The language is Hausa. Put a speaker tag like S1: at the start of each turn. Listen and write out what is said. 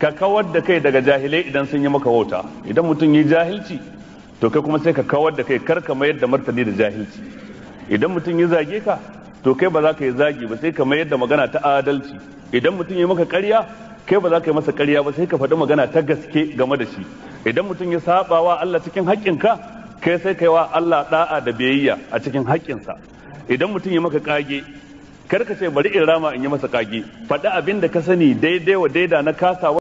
S1: ka kawar da kai daga jahilai idan sun yi maka wauta idan mutum yi jahilci to kai kuma sai ka kawar da kai karka mayar da martani da jahilci idan mutum ya zage ka to kai ba za ka yi zagi ba sai ka mayar da magana ta adalci idan mutum ya maka ƙarya kai ba za ka yi masa karya ba sai ka faɗi magana ta gaske game da shi idan mutum ya saba wa Allah cikin haƙƙinka kai sai kai wa Allah da'a da biyayya a cikin haƙƙinsa idan mutum ya maka ƙage kar ce bari in rama in yi masa ƙage faɗi abin da ka sani daidai wa daida na kasa.